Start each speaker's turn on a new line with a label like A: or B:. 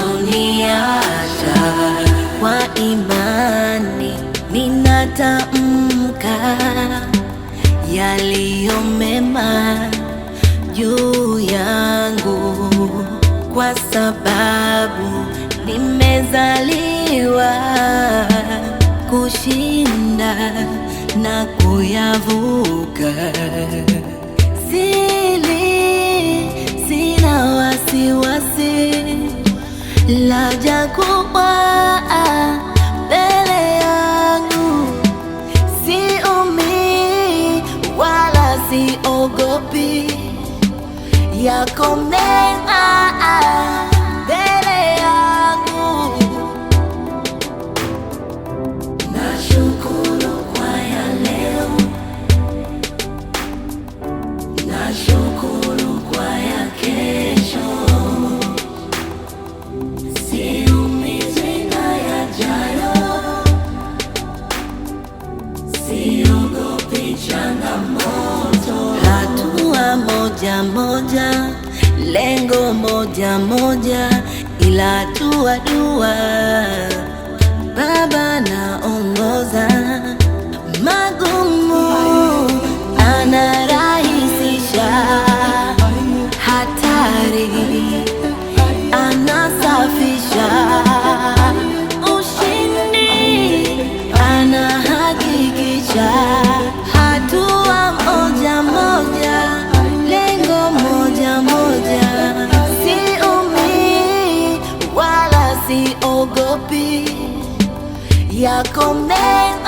A: kuniacha kwa imani, ninatamka yaliyo mema juu yangu, kwa sababu nimezaliwa kushinda na kuyavuka. haja kubwa mbele yangu, siumii wala siogopi, yako mema hatua moja moja, lengo moja moja, ila hatua dua. Baba naongoza magumu, anarahisisha hatari, anasafisha maombi yako mema